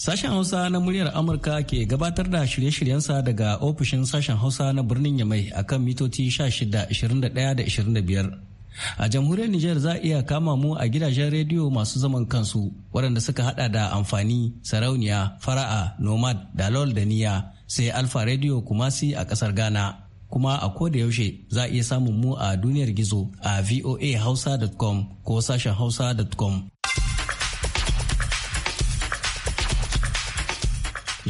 Sashen Hausa na muryar Amurka ke gabatar da shirye-shiryensa daga ofishin sashen Hausa na birnin Yamai a kan mitoci 16, da 25. A jamhuriyar Nijar za a iya kama mu a gidajen rediyo masu zaman kansu waɗanda suka hada da amfani, sarauniya, fara'a, nomad, dalol da niya sai alfa rediyo kumasi a ƙasar Ghana. Kuma a koda yaushe za a iya samun mu a duniyar gizo a voahausa.com ko sashen hausa.com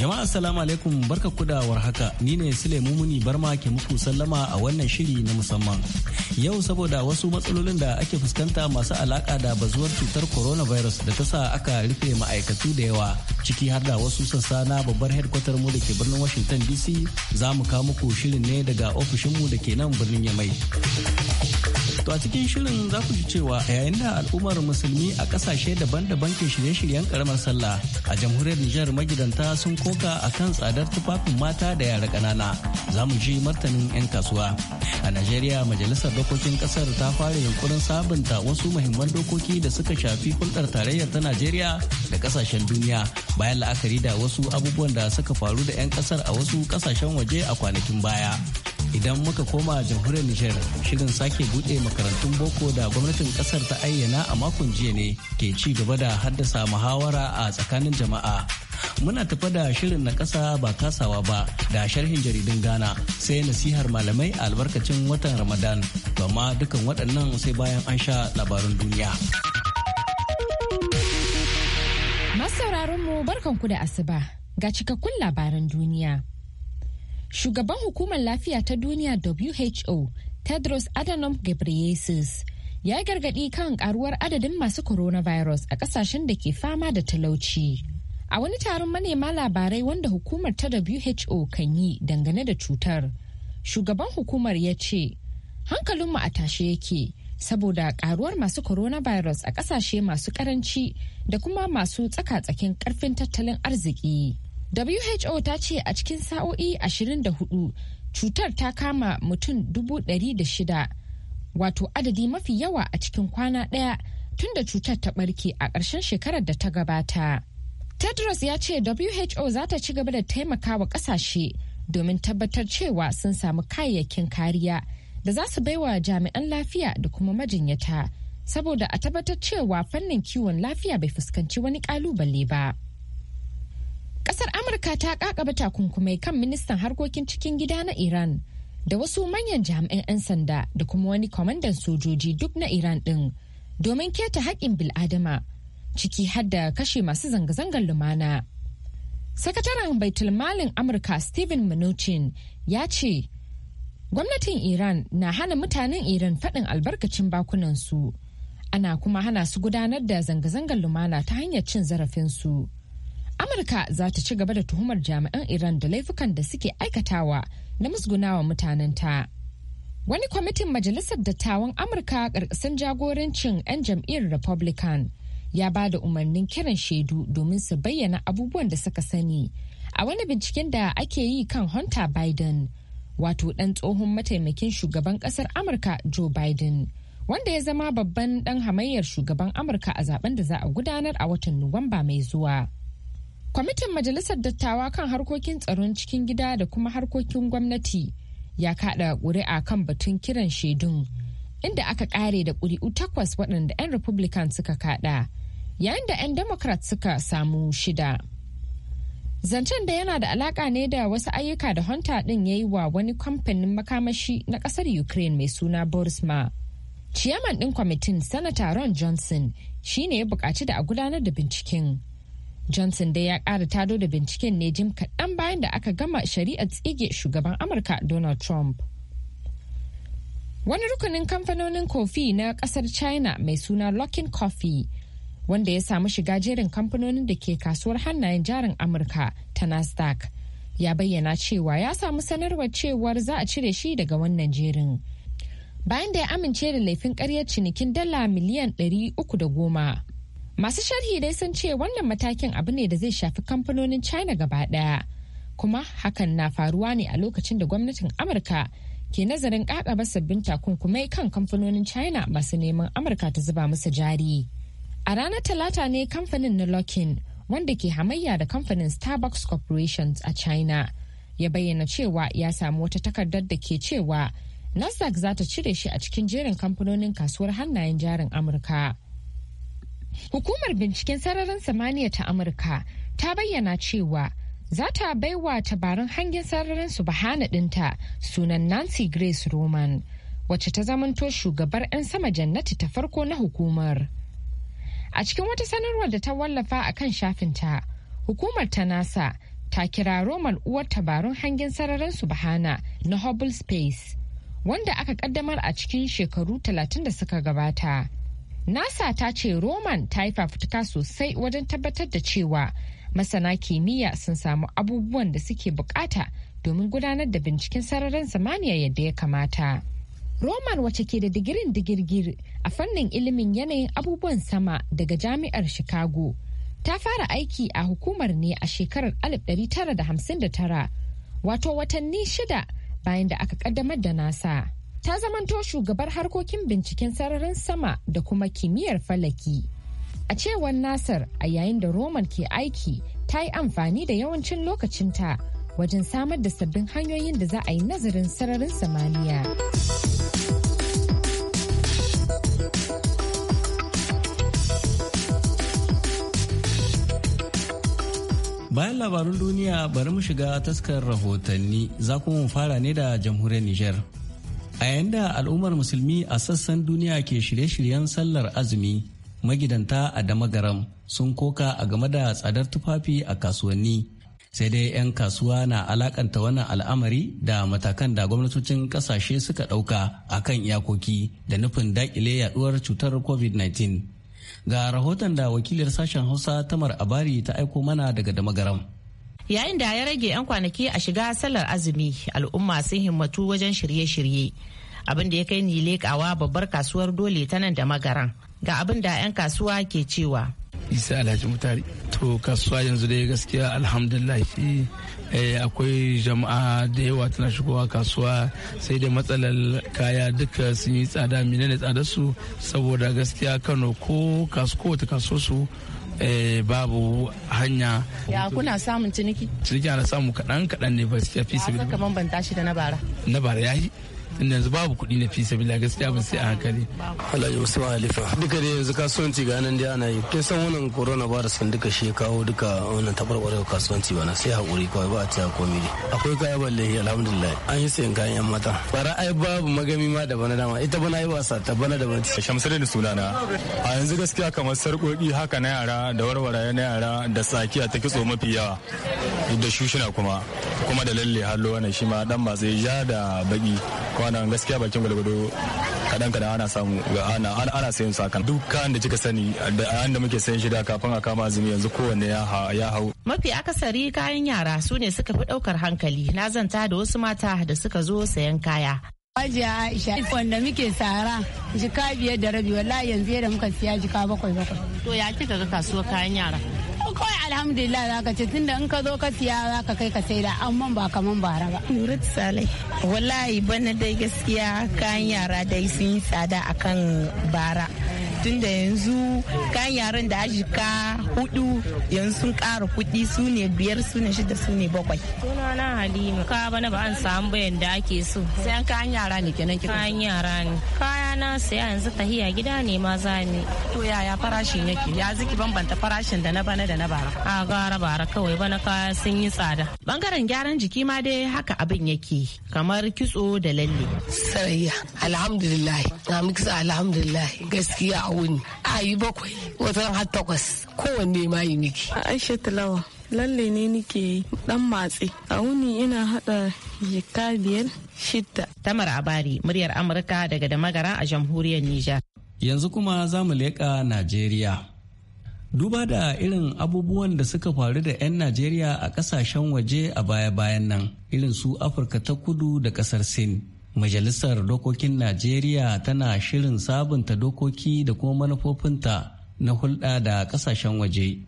Jama'a assalamu alaikum barka kuda haka ni ne Sule Mumuni Barma ke muku sallama a wannan shiri na musamman. Yau saboda wasu matsalolin da ake fuskanta masu alaka da bazuwar cutar coronavirus da ta sa aka rufe ma'aikatu da yawa ciki har da wasu sassa na babbar headquarter mu da ke birnin Washington DC za mu kawo muku shirin ne daga ofishinmu da ke nan birnin Yamai. To a cikin shirin za ku ji cewa yayin da al'ummar musulmi a kasashe daban-daban ke shirye-shiryen karamar sallah a jamhuriyar Nijar magidanta sun ko koka a kan tsadar tufafin mata da yara ƙanana za mu ji martanin 'yan kasuwa a najeriya majalisar dokokin ƙasar ta fara yunkurin sabunta wasu mahimman dokoki da suka shafi hulɗar tarayyar ta najeriya da ƙasashen duniya bayan la'akari da wasu abubuwan da suka faru da 'yan ƙasar a wasu ƙasashen waje a kwanakin baya idan muka koma jamhuriyar Nijar shirin sake bude makarantun boko da gwamnatin kasar ta ayyana a makon jiya ne ke ci gaba da haddasa muhawara a tsakanin jama'a muna tafa da shirin na kasa ba kasawa ba da sharhin jaridun Ghana sai nasihar malamai a albarkacin watan Ramadan ba ma dukan waɗannan sai bayan an sha labaran duniya. Masauraran mu barkanku da asuba ga cikakkun labaran duniya. Shugaban hukumar lafiya ta duniya WHO Tedros Adhanom Ghebreyesus ya gargaɗi kan karuwar adadin masu coronavirus a ƙasashen da ke fama da talauci. A wani taron manema labarai wanda hukumar ta WHO kan yi dangane da cutar, shugaban hukumar ya ce, hankalinmu a tashe yake saboda karuwar masu coronavirus a kasashe masu karanci da kuma masu tsaka-tsakin karfin tattalin arziki. WHO ta ce a cikin sa'o'i 24 cutar ta kama mutum shida wato adadi mafi yawa a cikin kwana ɗaya tunda cutar ta ɓarke a ƙarshen shekarar da ta gabata. Tedros ya ce WHO za ta ci gaba da taimakawa kasashe domin tabbatar cewa sun samu kayayyakin kariya da za su baiwa jami'an lafiya da kuma majinyata saboda a tabbatar cewa fannin kiwon lafiya bai fuskanci wani kalubale ba. Kasar Amurka ta kakaba takunkumai kan ministan harkokin cikin gida na Iran da wasu manyan jami'an 'yan sanda da kuma wani kwamandan sojoji duk na Iran ɗin domin keta haƙƙin bil'adama. ciki har da kashe masu zanga-zangar lumana. Sakataren Baitulmalin Amurka Steven Mnuchin ya ce, Gwamnatin Iran na hana mutanen Iran faɗin albarkacin bakunansu, ana kuma hana su gudanar da zanga-zangar lumana ta hanyar cin zarafinsu. Amurka za ta ci gaba da tuhumar jami'an Iran da laifukan da suke aikatawa na musgunawa mutanenta. Wani kwamitin Majalisar Dattawan Amurka ƙarƙashin jagorancin 'yan jam'iyyar Republican ya ba da umarnin kiran shaidu domin su bayyana abubuwan da suka sani a wani binciken da ake yi kan hunter biden wato ɗan tsohon mataimakin shugaban ƙasar amurka joe biden wanda ya zama babban ɗan hamayyar shugaban amurka a zaben da za a gudanar a watan nuwamba mai zuwa kwamitin majalisar dattawa kan harkokin tsaron cikin gida da kuma harkokin gwamnati ya kaɗa ƙuri'a kan batun kiran shaidun inda aka kare da ƙuri'u takwas waɗanda 'yan republican suka kaɗa yayin da 'yan democrat suka samu shida zancen da yana da alaka ne da wasu ayyuka da hunter din ya yi wa wani kamfanin makamashi na kasar ukraine mai suna borisma ciyaman din kwamitin sanata ron johnson shine ya bukaci da a gudanar da binciken johnson dai ya kara tado da binciken ne jim kaɗan bayan da aka gama shari'ar tsige shugaban amurka donald trump wani rukunin kamfanonin kofi na kasar china mai suna locking coffee wanda ya samu shiga jerin kamfanonin da ke kasuwar hannayen jarin amurka ta nasdaq ya bayyana cewa ya samu sanarwar cewar za a cire shi daga wannan jerin bayan da ya amince da laifin karyar cinikin dala miliyan 310 masu sharhi dai sun ce wannan matakin abu ne da zai shafi kamfanonin china gaba daya kuma hakan na faruwa ne a lokacin da gwamnatin amurka ke nazarin kakaba sabbin takunkumai kan kamfanonin china masu neman amurka ta zuba musu jari A ranar Talata ne kamfanin na Lockin wanda ke hamayya da kamfanin Starbucks Corporations a China ya bayyana cewa ya samu wata takardar da ke cewa Nasdaq za ta cire shi a cikin jerin kamfanonin kasuwar hannayen jarin Amurka. Hukumar binciken sararin samaniya ta Amurka ta bayyana cewa za ta baiwa tabarun hangen sararin su bahana ɗinta sunan Nancy Grace Roman, wacce ta zamanto shugabar 'yan sama jannati ta farko na hukumar. A cikin wata sanarwar da ta wallafa a kan shafinta, hukumar ta NASA ta kira Roman uwar tabarun hangen sararin subhana na Hubble Space, wanda aka kaddamar a cikin shekaru 30 da suka gabata. NASA ta ce Roman ta yi fafutuka sosai wajen tabbatar da cewa masana kimiyya sun samu abubuwan da suke bukata domin gudanar da binciken sararin samaniya yadda ya kamata. Roman wace ke da digirin digirgir a fannin ilimin yanayin abubuwan sama daga jami'ar Chicago. Ta fara aiki a hukumar ne a shekarar 1959, wato watanni shida bayan da aka kaddamar da nasa. Ta zamanto shugabar harkokin binciken sararin sama da kuma kimiyyar falaki. A cewar Nasar a yayin da Roman ke aiki ta yi amfani da yawancin lokacinta wajen samar da sabbin hanyoyin da za a yi nazarin sararin samaniya. Bayan labarun duniya bari mu shiga taskar rahotanni za kuma mu fara ne da jamhuriyar Nijar. A yayin da al'ummar musulmi a sassan duniya ke shirye-shiryen sallar azumi magidanta a damagaram sun koka a game da tsadar tufafi a kasuwanni sai dai 'yan kasuwa na alakanta wannan al'amari da matakan da gwamnatocin kasashe suka ɗauka a kan iyakoki da nufin daƙile yaduwar cutar covid-19 ga rahoton da wakilar sashen hausa tamar abari ta aiko mana daga damagaram yayin da ya rage 'yan kwanaki a shiga salar azumi al'umma sun himmatu wajen shirye-shirye abin da ya kai ni lekawa babbar kasuwar dole ta nan da magaran ga abin da 'yan kasuwa ke cewa isa alhaji mutari to kasuwa yanzu dai gaskiya alhamdulillah shi eh, akwai jama'a da yawa tana shigowa kasuwa sai dai matsalar kaya duka sun yi tsada menene tsada su saboda gaskiya kano ko kasuwa kaso su eh, babu hanya ya kuna samun ciniki ciniki ana samu kaɗan kaɗan ne ba su fi su kamar ban tashi da na bara na bara ya yi. tunda yanzu babu kuɗi na fi sabila gaskiya ba sai a hankali Alhaji Usman halifa. duka da yanzu kasuwanci ga nan dai ana yi kin san wannan corona da san duka shi kawo duka wannan tabarbarewar kasuwanci ba na sai hakuri kawai ba a ci komai akwai kaya ya alhamdulillah an yi sayan kayan yan mata bara ai babu magami ma da bana dama ita bana yi wasa ta bana da bana Shamsuddin sunana a yanzu gaskiya kamar sarƙoƙi haka na yara da warware na yara da tsakiya ta kitso mafi yawa da shushina kuma kuma da lalle hallo wannan shi ma dan ba zai ja da baki nan gaskiya bakin gwalgwado kadan kadan ana samu ga ana ana sayan su hakan duk kayan da kika sani da an da muke sayan shi da kafin a kama azumi yanzu kowanne ya ya hau mafi akasari kayan yara su ne suka fi daukar hankali na zanta da wasu mata da suka zo sayan kaya Hajiya Aisha wanda muke tsara jika biyar da rabi wallahi yanzu yadda muka siya jika bakwai bakwai. To ya kika ga kasuwar kayan yara? kawai alhamdulillah za ka ce tunda in ka zo ka siya za ka kai ka sai saida amma ba kaman bara ba. Nurat Salai. Wallahi bana dai gaskiya kayan yara dai sun yi tsada akan bara. da yanzu kan yaran da ajika hudu yanzu sun kara kudi su ne biyar su ne shida su ne bakwai na halima ka bana ba an samu bayan da ake so sai an kayan yara ne kenan kika kayan yara ne kaya na saya yanzu tahiya gida ne ma za ne. to yaya farashin yake ya ziki bambanta farashin da na bana da na bara a gara bara kawai bana kaya sun yi tsada bangaren gyaran jiki ma dai haka abin yake kamar kitso da lalle sarayya alhamdulillah na miki alhamdulillah gaskiya a a yi bakwai wata har takwas kowanne ma yi niki aisha talawa lalle ne nike dan matsi a wuni ina hada jika biyar shidda tamar abari muryar amurka daga da magara a jamhuriyar nijar yanzu kuma za mu leƙa najeriya duba da irin abubuwan da suka faru da 'yan najeriya a kasashen waje a baya-bayan nan irin su afirka ta kudu da kasar sin Majalisar Dokokin Najeriya tana shirin sabunta dokoki da kuma manufofinta na hulɗa da ƙasashen waje.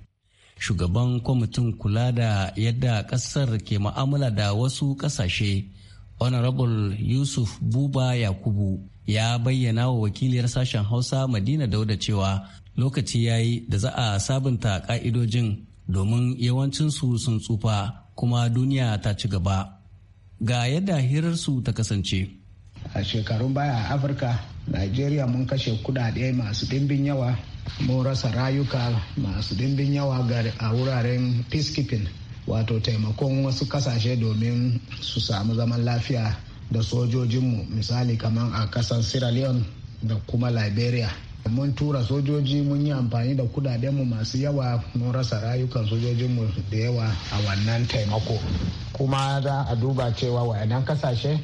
Shugaban kwamitin kula da yadda ƙasar ke ma'amala da wasu ƙasashe, Honorable Yusuf Buba Yakubu ya bayyana wa wakiliyar sashen Hausa Madina Dauda cewa lokaci ya yi da za a sabunta ƙa'idojin domin yawancinsu sun tsufa kuma duniya ta ci gaba. ga yadda hirarsu ta kasance. A shekarun baya a Afirka, Najeriya mun kashe kudade masu dimbin yawa, mun rasa rayuka masu dimbin yawa a wuraren peacekeeping, wato taimakon wasu kasashe domin su samu zaman lafiya da sojojinmu misali kamar a kasar Sierra Leone da kuma Liberia. mun tura sojoji mun yi amfani da kudadenmu masu yawa mun rasa rayukan sojojinmu da yawa a wannan taimako kuma za a duba cewa wayannan kasashe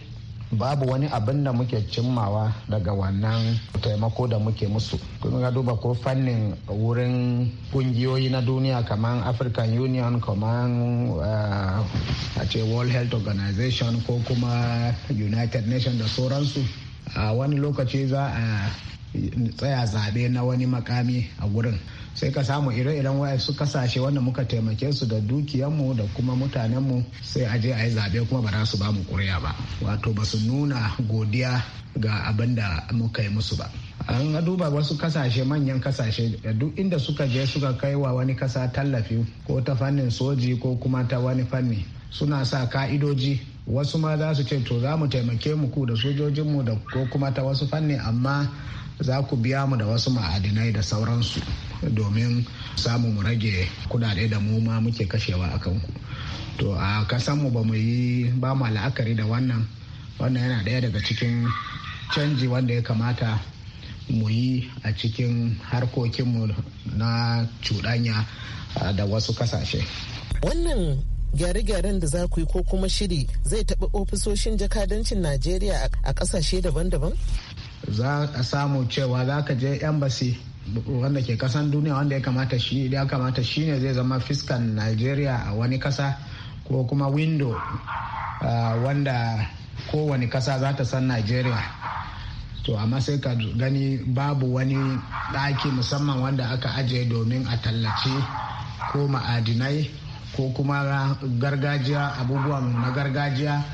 babu wani abin da muke cimmawa daga wannan taimako da muke musu kun ga duba ko fannin wurin kungiyoyi na duniya kamar african union kamar uh, eh, a ce world health organization ko kuma united nations da sauransu a wani lokaci za a tsaya zaɓe na wani makami a gurin sai ka samu ire-iren su kasashe wanda muka taimake su da dukiyanmu da kuma mutanenmu sai a je a yi zaɓe kuma ba za su ba mu ƙuri'a ba wato ba su nuna godiya ga abin da muka yi musu ba an duba wasu kasashe manyan kasashe duk inda suka je suka kai wa wani kasa tallafi ko ta fannin soji ko kuma ta wani fanni suna sa ka'idoji wasu ma za su ce to za mu taimake mu ku da sojojinmu da ko kuma ta wasu fanni amma za ku biya mu da wasu ma'adinai da sauransu domin samu mu rage kudade da mu ma muke kashewa a kanku to a mu ba mu yi ba mu la'akari da wannan wannan yana daya daga cikin canji wanda ya kamata mu yi a cikin harkokinmu na cuɗanya da wasu kasashe wannan gyare-gyaren da za ku yi ko kuma shiri zai taɓa ofisoshin jakadancin najeriya a ƙasashe daban-daban za a samu cewa za ka je embassy wanda ke kasan duniya wanda ya kamata shi ya kamata shi ne zai zama fiskan nigeria a wani kasa ko kuma window uh, wanda kowane kasa za ta san nigeria to amma sai ka gani babu wani ɗaki musamman wanda aka ajiye domin a tallace ko ma'adinai ko kuma gargajiya abubuwan na gargajiya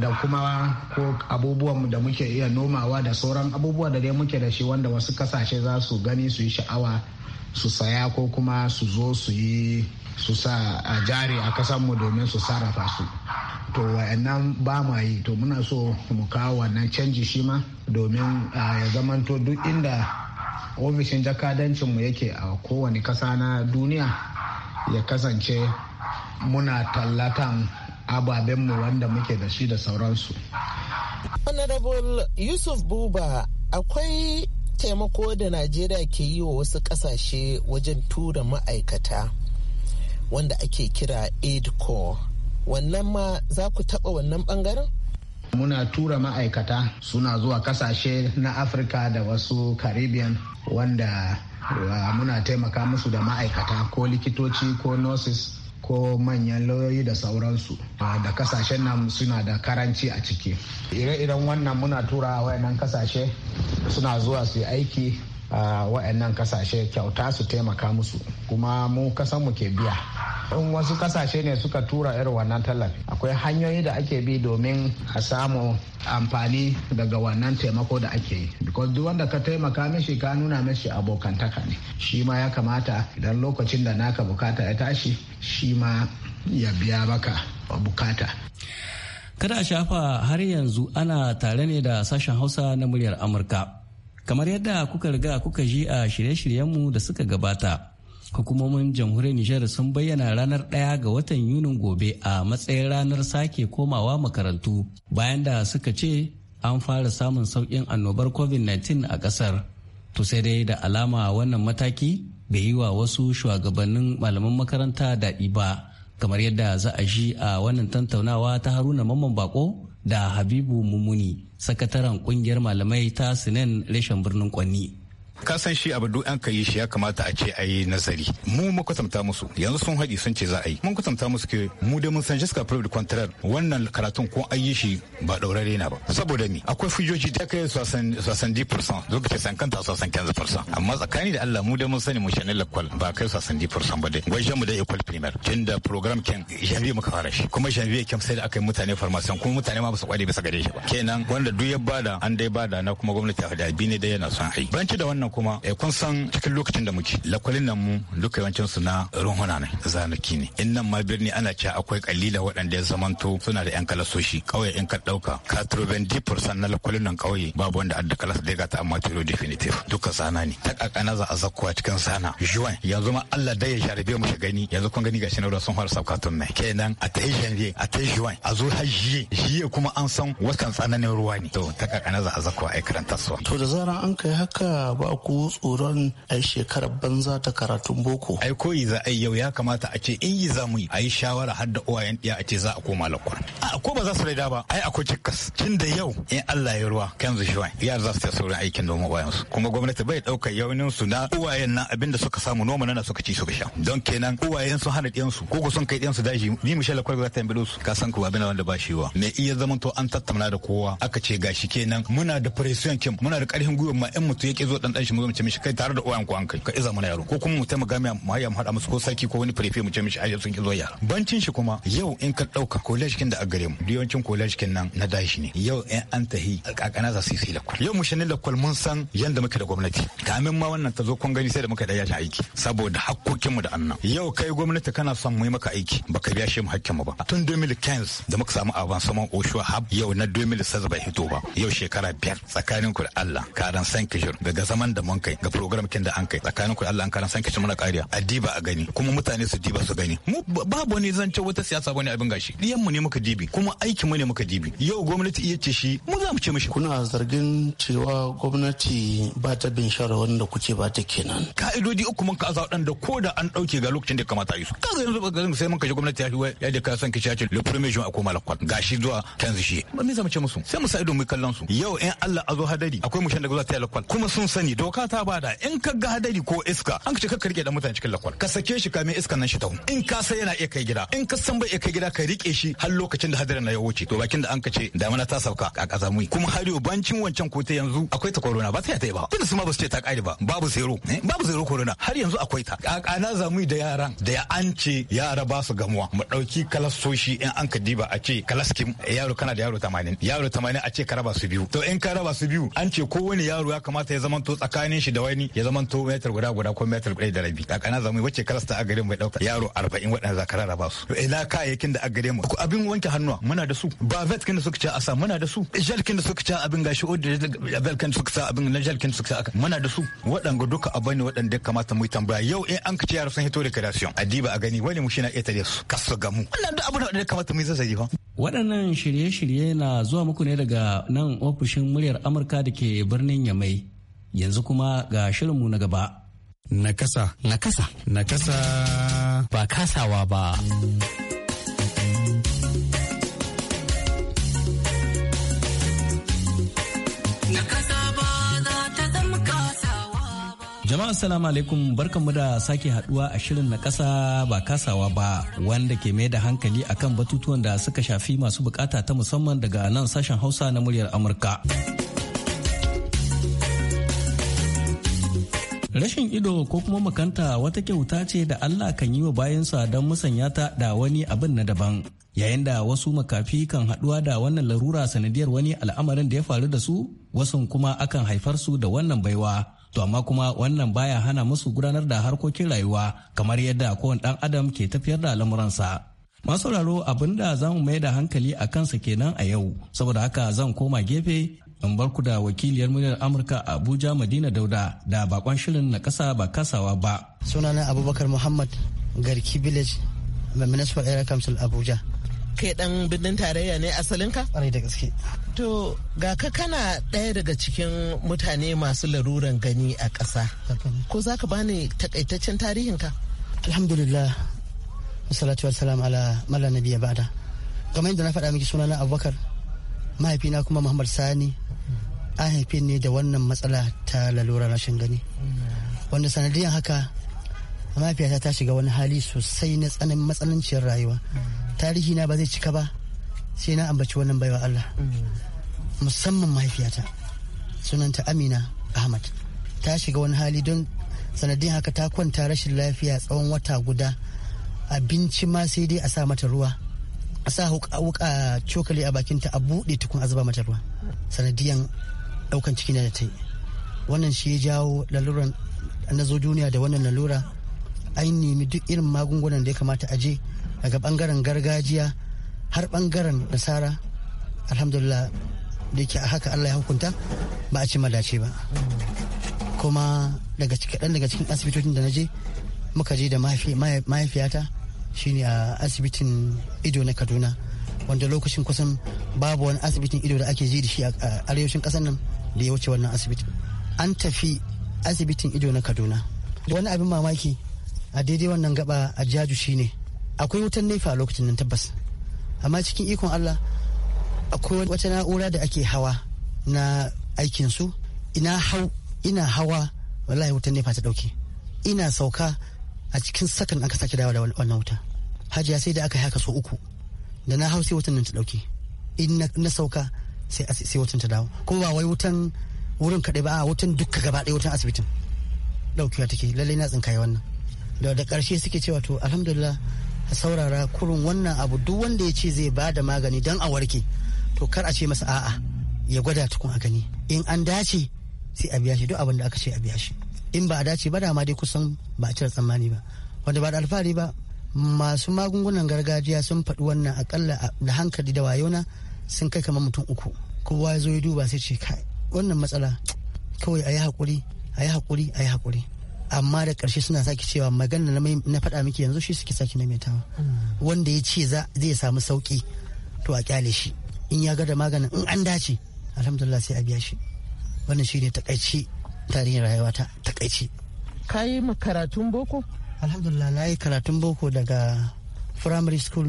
da kuma ko abubuwan da muke iya nomawa da sauran abubuwa da dai muke da shi wanda wasu kasashe za su gani su yi sha'awa su saya ko kuma su zo su yi su sa a jari a kasanmu domin su sarrafa su to wa'annan ba ma yi to muna so mu kawo wannan canji shi ma domin ya zamanto duk inda ofishin jakadancinmu yake a kowane kasa na duniya ya kasance muna tallatan ababenmu wanda muke da shi da sauransu. honorable yusuf buba akwai taimako da najeriya ke yi wa wasu kasashe wajen tura ma'aikata wanda ake kira aid corps wannan ma za ku taba wannan bangaren muna tura ma'aikata suna zuwa kasashe na afirka da wasu caribbean wanda muna taimaka musu da ma'aikata ko likitoci ko nurses ko manyan lauyoyi da sauransu da kasashen nan suna da karanci a ciki ire-iren wannan muna tura wayannan kasashe suna zuwa su yi aiki a wayannan kasashe kyauta su taimaka musu kuma mu kasan mu ke biya in wasu kasashe ne suka tura irin wannan tallafi akwai hanyoyi da ake bi domin a samu amfani daga wannan taimako da ake yi because duk wanda ka taimaka mishi ka nuna mishi abokantaka ne shi ma ya kamata idan lokacin da naka bukata ya tashi shi ma ya biya maka bukata kada a shafa har yanzu ana tare ne da sashen hausa na muryar amurka kamar yadda kuka riga kuka ji a shirye-shiryenmu da suka gabata hukumomin jamhuriyar nijar sun bayyana ranar ɗaya ga watan yunin gobe a matsayin ranar sake komawa makarantu bayan da suka ce an fara samun sauƙin annobar covid-19 a ƙasar to sai dai da alama wannan mataki bai yi wa wasu shugabannin malaman makaranta daɗi ba kamar yadda za a ji a wannan tantaunawa ta haruna mamman bako da habibu mumuni sakataren ƙungiyar malamai ta sinan reshen birnin kwanni ka san shi abu duk an ka yi shi ya kamata a ce a nazari mu mu kwatanta musu yanzu sun haɗi sun ce za a yi mun kwatanta musu ke mu da mun san jiska prove contraire wannan karatun ko an yi shi ba ɗaurare na ba saboda ni akwai fujoji da kai 70% lokacin san kanta 75% amma tsakani da Allah mu da mun sani mu shanin lakwal ba kai 70% ba dai wajen mu da equal primaire tun da program ken janvier muka fara shi kuma janvier kem sai da aka yi mutane formation kuma mutane ma ba su kware bisa gare shi ba kenan wanda duk ya bada an dai bada na kuma gwamnati a hada bi ne da yana son ai ban ci da wannan nan kuma eh, kun san cikin lokacin da muke lakwalin nan mu duka yawancin su na runhuna ne zanaki ne in nan ma birni ana cewa akwai kalila waɗanda ya zamanto suna da yan kalasoshi kawai in ka dauka ka turben dipur na lakwalin nan kawai babu wanda adda kalas da ga ta amma tiro definitive duka sana ne ta kakana za a zakkuwa cikin sana juan yanzu ma Allah dai ya sharabe mu shi gani yanzu kun gani gashi na ruwa sun fara sauka tun mai kenan a ta yi a ta yi a zo hajiye jiye kuma an san wasan tsananin ruwa ne to ta kakana za a zakkuwa a karanta su to da zaran an kai haka ba ɗauko tsoron a shekarar banza ta karatun boko. Ai koyi za a yi yau ya kamata a ce in yi zamu yi a yi shawara har da uwayen ɗiya a ce za a koma lakwan. A ko ba za su raida ba ai akwai cikas tun da yau in Allah ya ruwa kan zu shiwa yara za su yi sauran aikin domin uwayen su kuma gwamnati bai dauka yaunin su na uwayen na abinda suka samu noma na suka ci suka sha don kenan uwayen su hana ɗiyan su ko ku sun kai ɗiyan su daji ni mu shalla kwalga ta yambe su ka san ku abin wanda ba shi wa me iya zaman to an tattauna da kowa aka ce gashi kenan muna da presiyon kin muna da ƙarfin gwiwa ma in mutum yake zo dan shi mu zo mu ce mishi kai tare da uwan ku an kai ka iza mana yaro ko kuma mu ta mu ga mu haya mu hada musu ko saki ko wani prefe mu ce mishi ai sun kizo yaro bancin shi kuma yau in ka dauka college kin da a gare mu yawancin college kin nan na dashi ne yau in an tahi kakana za su yi lakwal yau mu shanin lakwal mun san yanda muke da gwamnati kamin ma wannan ta zo kun gani sai da muka da yashin aiki saboda mu da annan yau kai gwamnati kana son mu yi maka aiki baka biya shi mu mu ba tun 2015 da muka samu aban saman oshuwa hab yau na 2016 bai hito ba yau shekara biyar tsakanin ku da Allah karan san kishir daga zaman da mun kai ga program kin da an kai tsakanin ku Allah an karan san kici muna kariya a diba a gani kuma mutane su diba su gani mu babu ne zance wata siyasa bane abin gashi diyan mu ne muka dibi kuma aikin mu ne muka dibi yau gwamnati iya ce shi mu za mu ce mishi kuna zargin cewa gwamnati ba ta bin shawarwarin da kuke ba ta kenan ka'idodi uku mun ka aza da ko da an dauke ga lokacin da kamata yi su kaga yanzu ba garin sai mun kaje gwamnati ya hiwa ya da ka san kici ya ce le premier juin a koma lakwat gashi zuwa tanzu shi me za mu ce musu sai mu sa ido mu kallon su yau in Allah azo hadari akwai mushan da za ta yi la lakwat kuma sun sani doka ta bada in ka ga hadari ko iska an ce ka rike da mutane cikin lakwal ka sake shi kamin iskan nan shi ta in ka san yana iya kai gida in ka san bai iya kai gida ka rike shi har lokacin da hadarin na ya wuce to bakin da an kace damana ta sauka a mu. kuma har yau bancin wancan ko ta yanzu akwai ta corona ba ta ta ba tunda su ma ba su ce ta kare ba babu zero eh, babu zero corona har yanzu akwai ta a kana zamui da yaran da ya an ce yara ba su gamuwa mu dauki soshi in an ka diba a ce kim eh, yaro kana da yaro 80 yaro 80 a ce ka su biyu to in ka raba su biyu an ce kowane yaro ya kamata ya zama to tsakanin shi da wani ya zama to metar guda guda ko metar guda da rabi a kana zama wacce karasta a garin bai dauka yaro arba'in waɗanda za ka rarraba su ina eh, kayayyakin da a gare mu abin wanke hannuwa muna da su ba vet kin da suka ci asa muna da su kin da suka ci abin gashi vet kin suka sa abin na kin suka sa muna da su waɗanda duka abani ne waɗanda kamata mu tambaya yau in eh, an kace yaro sun hito da creation adiba a gani wani mu shi na ƙetare su kasu gamu wannan duk abu ne kamata mu yi zazzagi fa waɗannan shirye-shirye na zuwa muku ne daga nan ofishin muryar amurka da ke birnin yamai yanzu kuma ga shirinmu na gaba. Nakasa. Nakasa. Nakasa. Ba kasawa ba. Jama'a salamu alaikum barkanmu da sake haduwa a shirin na kasa ba kasawa ba wanda ke mai da hankali akan batutuwan da suka shafi masu bukata ta musamman daga nan sashen hausa na muryar Amurka. Rashin ido ko kuma makanta wata kyauta ce da Allah kan yi wa bayansa don musanya ta da wani abin na daban. Yayin da wasu makafi kan haduwa da wannan larura sanadiyar wani al'amarin da ya faru da su, wasu kuma akan haifar su da wannan baiwa. To amma kuma wannan baya hana musu gudanar da harkokin rayuwa kamar yadda kowane ɗan adam ke tafiyar da lamuransa. Masu sauraro abin da za mu mai da hankali a kansa kenan a yau, saboda haka zan koma gefe in barku da wakiliyar muryar amurka abuja madina dauda da bakon shirin na kasa ba kasawa ba sunana abubakar muhammad garki village mai municipal area council abuja kai dan birnin tarayya ne asalinka? Kwarai da gaske. To ga ka kana ɗaya daga cikin mutane masu laruran gani a ƙasa. Ko za ka bani takaitaccen tarihinka? Alhamdulillah. Salatu wassalam ala mala nabiya bada. Kamar yadda na faɗa miki sunana Abubakar mahaifina kuma Muhammad Sani an haife ne da wannan matsala ta lalura rashin gani wanda sanadiyan haka mafiyata ta shiga wani hali sosai na tsanin matsalanciyar rayuwa tarihi na ba zai cika ba sai na ambaci wannan baiwa Allah musamman mahaifiyata sunanta Amina Ahmad ta shiga wani hali don sanadin haka ta kwanta rashin lafiya tsawon wata guda abinci ma sai dai a sa mata ruwa a sa wuka cokali a bakinta a buɗe tukun a zuba mata ruwa sanadiyan daukan ciki na da ta yi wannan shi ya jawo laluran na zo duniya da wannan lalura an nemi duk irin magungunan da ya kamata a je daga bangaren gargajiya har bangaren nasara alhamdulillah da ke a haka allah ya hukunta ba a ci madace ba kuma daga cikin daga cikin asibitocin da na je muka je da mahaifiyata shine a asibitin ido na kaduna wanda lokacin kusan babu wani asibitin ido da ake ji da shi a arewacin kasar nan da ya wuce wannan asibiti an tafi asibitin ido na kaduna wani abin mamaki a daidai wannan gaba a jaju shine akwai wutan nefa a lokacin nan tabbas amma cikin ikon allah akwai wata na'ura da ake hawa na aikin su ina hau ina hawa wallahi wutan nefa ta dauke ina sauka a cikin sakan aka sake dawo da wannan wuta hajiya sai da aka haka so uku da na hau sai wutan nan ta dauke in na sauka sai wutan ta dawo kuma ba wai wutan wurin kaɗai ba a wutan dukka gaba ɗaya wutan asibitin daukewa take lallai na tsinkaye wannan da da ƙarshe suke cewa to alhamdulillah a saurara kurun wannan abu duk wanda ya ce zai ba da magani don a warke to kar a ce masa a'a ya gwada tukun a gani in an dace sai a biya shi duk abin da aka ce a biya shi in ba a dace ba dama dai kusan ba a cire tsammani ba wanda ba da alfahari ba masu magungunan gargajiya sun faɗi wannan akalla da hankali da wayona sun kai kamar mutum uku kowa ya zo ya duba sai ce kai wannan matsala kawai a yi haƙuri a yi haƙuri a yi haƙuri amma da ƙarshe suna sake cewa magana na faɗa miki yanzu shi suke sake maimaitawa hmm. wanda ya ce za zai samu sauƙi to a kyale shi in ya ga da maganin in an dace alhamdulillah sai a biya shi wannan shi ne takaici tarihin rayuwata takaici ka yi karatun boko alhamdulillah na yi karatun boko daga primary school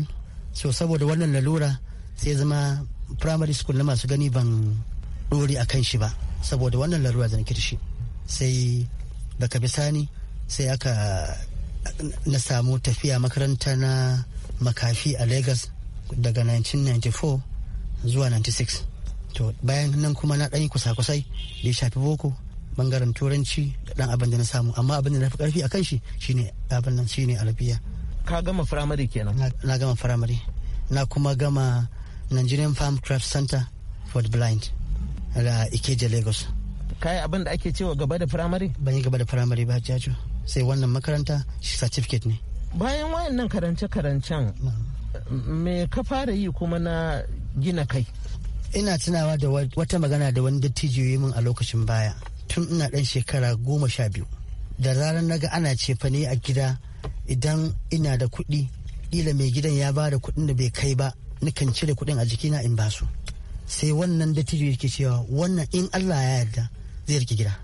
so saboda wannan lalura sai zama primary school na masu gani ban dori a kan shi ba saboda wannan lalura da nake shi sai daga bisani sai aka na samu tafiya makaranta na makafi a lagos daga 1994 zuwa 96 to bayan nan kuma na ɗanyi kusa-kusai da ya shafi boko bangaren turanci da dan abin da na samu amma abin da na fi karfi kan shi shine abin nan shine arabiya ka gama firamare kenan na gama firamare na kuma gama Nigerian Farm Craft Center for the Blind da Ikeja Lagos kai abin da ake cewa gaba da firamare ban yi gaba da firamare ba jajo sai wannan makaranta shi certificate ne bayan wayannan karance-karancen me ka fara yi kuma na gina kai ina tunawa da wata magana da wani dattijo yi min a lokacin baya tun ina ɗan shekara goma sha biyu da ranar ga ana cefa ne a gida idan ina da kuɗi ila mai gidan ya ba da kuɗin da bai kai ba nikan cire kuɗin a jikina in basu sai wannan dattijo yake cewa wannan in Allah ya yarda zai rike gida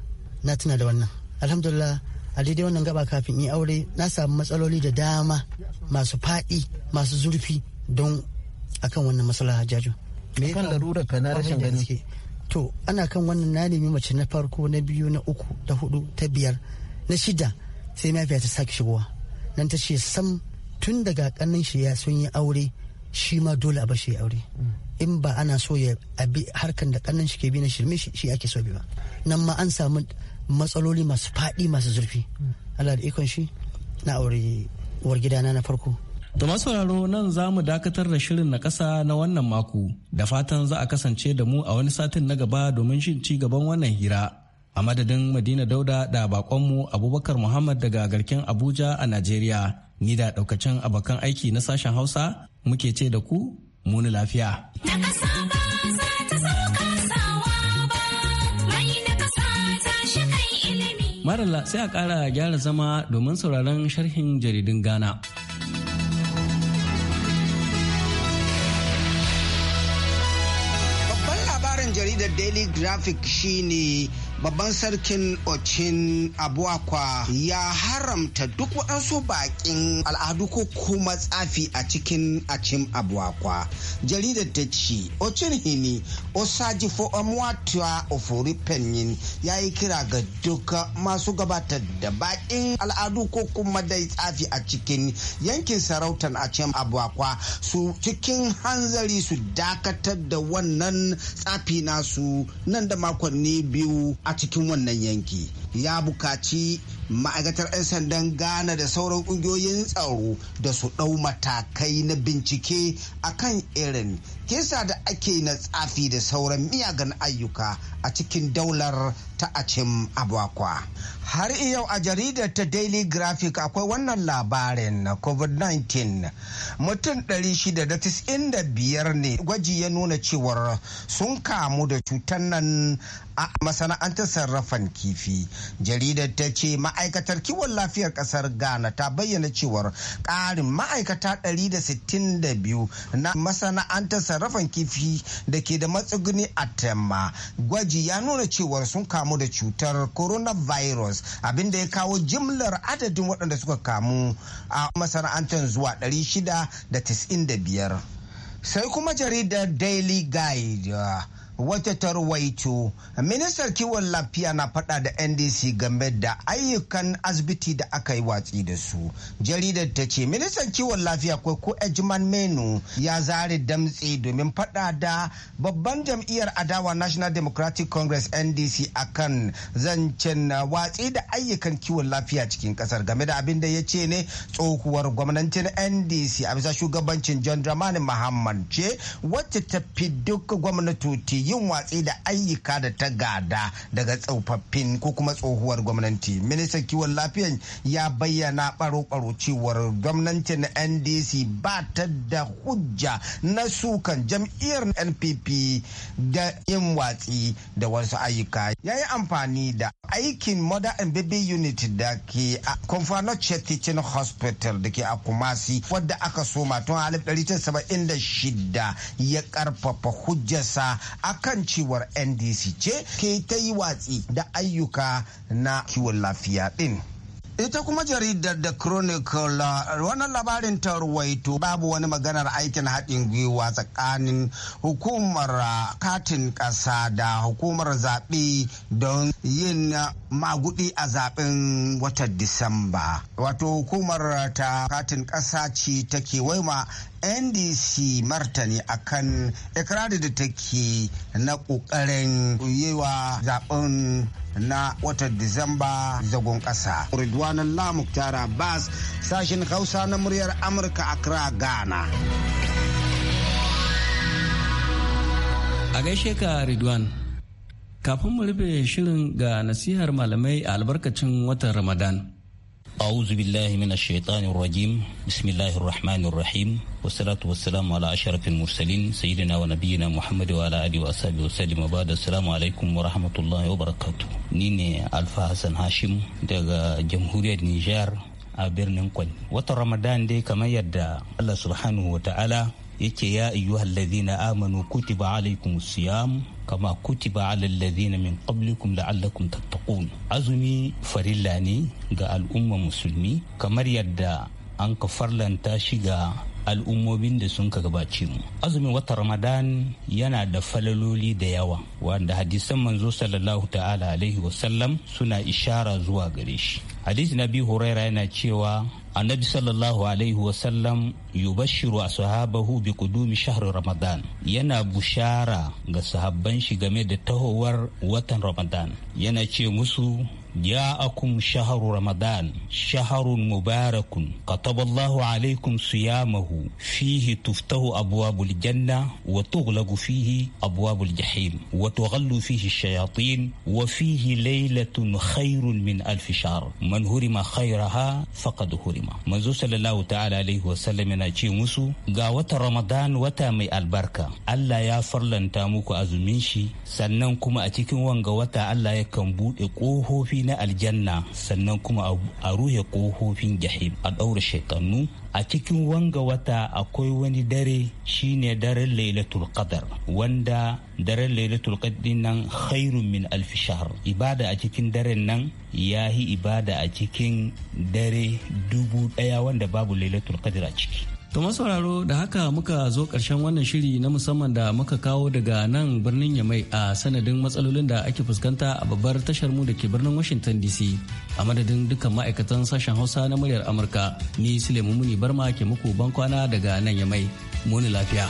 na tuna da wannan alhamdulillah a daidai wannan gaba kafin in aure na samu matsaloli da dama masu faɗi masu zurfi don akan wannan matsala hajjaju me kan ka na rashin gani to ana kan wannan na nemi mace na farko na biyu na uku ta hudu ta biyar na shida sai mafiya ta sake shigowa nan ta ce sam tun daga kannin shi ya sun yi aure shi ma dole a bashi aure in ba ana so ya abi harkan da kannan shi ke bi na shirme shi ake so bi ba nan ma an samu matsaloli masu faɗi masu zurfi Allah da ikon shi na aure uwar gidana na farko To masu sauraro nan za mu dakatar da shirin na ƙasa na wannan mako da fatan za a kasance da mu a wani satin na gaba domin shin ci gaban wannan hira. A madadin Madina Dauda da bakonmu Abubakar Muhammad daga garken Abuja a Najeriya, ni da ɗaukacin abokan aiki na sashen Hausa muke ce da ku muni lafiya. Marala sai a ƙara gyara zama domin sauraron sharhin jaridun Ghana. daily graphic shine babban sarkin ocin abuakwa ya haramta duk waɗansu baƙin al'adu ko kuma tsafi a cikin acin abuakwa jaridar ta ci ocin hini osaji for amwatuwa ofori penyin ya yi kira ga duka masu gabatar da baƙin al'adu ko kuma dai tsafi a cikin yankin sarautar acin abuakwa su cikin hanzari su dakatar da wannan tsafi nasu nan da makonni biyu a cikin wannan yanki ya bukaci ma'aikatar 'yan sandan ghana da sauran kungiyoyin tsaro da su dau matakai na bincike akan irin kisa da ake na tsafi da sauran miyagan ayyuka a cikin daular ta acim abuwa har yau a jaridar ta daily graphic akwai wannan labarin na covid-19 mutum 695 ne gwaji ya nuna cewar sun kamu da cutar nan a masana'antar sarrafan kifi jaridar ta ce ma'aikatar kiwon lafiyar kasar ghana ta bayyana cewar ƙarin ma'aikata 162 na masana'antar sarrafan kifi da ke da matsuguni a temma gwaji ya nuna cewar sun kamu da cutar coronavirus abinda ya kawo jimlar adadin waɗanda suka kamu a masana'antar zuwa 695 sai kuma jaridar daily guide wata ta ruwaito ministar kiwon lafiya na faɗa da ndc game da ayyukan asibiti da aka yi watsi da su jaridar ta ce ministan kiwon lafiya ko Ejiman menu ya zare damtse domin faɗa da babban jam'iyyar adawa national democratic congress ndc akan zancen watsi da ayyukan kiwon lafiya cikin kasar game da abin da ya ce ne tsohuwar gwamnatin ndc a bisa shugabancin john dramani muhammad ce wacce ta fi duk gwamnatoci yin watsi da ayyuka da ta gada daga tsofaffin ko kuma tsohuwar gwamnati ministan kiwon lafiyan ya bayyana baro-baro cewar gwamnatin ndc ba ta da hujja na sukan jam'iyyar npp da yin watsi da wasu ayyuka ya yi amfani da aikin mother and baby unit da ke a confanoche teaching hospital da ke a kumasi wadda aka soma tun 1976 ya karfafa hujjarsa kan cewar ndc ce ke ta yi watsi da ayyuka na kiwon lafiya din Ita kuma jaridar da Chronicle uh, wannan labarin ta ruwaito babu wani maganar aikin haɗin gwiwa tsakanin hukumar uh, katin ƙasa da hukumar zaɓe don yin uh, magudi a zaɓen watan Disamba. Wato hukumar ta katin ƙasa ce take waima ndc martani akan ikirari da take na ƙoƙarin wa zaɓen. na watan Disamba zagon ƙasa. Ridwanan Lamuk Tara Bas sashen Hausa na muryar Amurka a Accra Ghana. A gaishe ka Ridwan, kafin mu rufe shirin ga nasihar malamai a albarkacin watan Ramadan. أعوذ بالله من الشيطان الرجيم بسم الله الرحمن الرحيم والصلاة والسلام على أشرف المرسلين سيدنا ونبينا محمد وعلى آله وأصحابه وسلم وبعد السلام عليكم ورحمة الله وبركاته نيني ألفا حسن هاشم دغا جمهورية نيجار a birnin kwal watan ramadan dai kamar yadda allah subhanahu wa ta'ala yake ya ayyuhal ladina amanu kutiba alaikum siyam kama kutiba alal ladhina min qablikum la'allakum tattaqun azumi farilla ne ga al'umma musulmi kamar yadda an ka farlanta shi ga al'ummomin da sun ka gabace mu azumin watan ramadan yana da falaloli da yawa wanda hadisan manzo sallallahu ta'ala alaihi wasallam suna ishara zuwa gare shi hadisi na biyu huraira yana cewa annabi sallallahu alaihi wasallam yubashiru sahabahu bi kudumi shahar ramadan yana bushara ga sahabban shi game da tahowar watan ramadan yana ce musu جاءكم شهر رمضان شهر مبارك كتب الله عليكم صيامه فيه تفتح أبواب الجنة وتغلق فيه أبواب الجحيم وتغل فيه الشياطين وفيه ليلة خير من ألف شهر من هرم خيرها فقد هرم منذ صلى الله تعالى عليه وسلم ناجي مسو غاوة رمضان وتامي البركة ألا يا فرلن تاموك أزمينشي سننكم أتكن وانغوة ألا يكن بود قوهو في na aljanna sannan kuma a ruhe ƙofofin jahim a ɗaura shaitannu a cikin wanga wata akwai wani dare shine daren lailatul qadar wanda daren lailatul qadar nan khairun min shahr ibada a cikin daren nan yahi ibada a cikin dare dubu daya wanda babu lailatul qadar a ciki To masauraro da haka muka zo karshen wannan shiri na musamman da muka kawo daga nan birnin Yamai a sanadin matsalolin da ake fuskanta a babbar tashar mu da ke birnin Washington DC. A madadin dukkan ma'aikatan sashen Hausa na muryar Amurka, ni Suleiman Muni Barma ke muku ban kwana daga nan Yamai. Muni lafiya.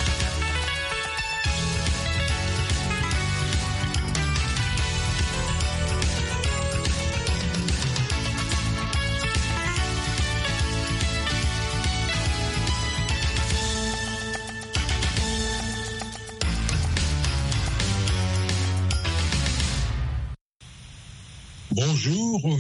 Bonjour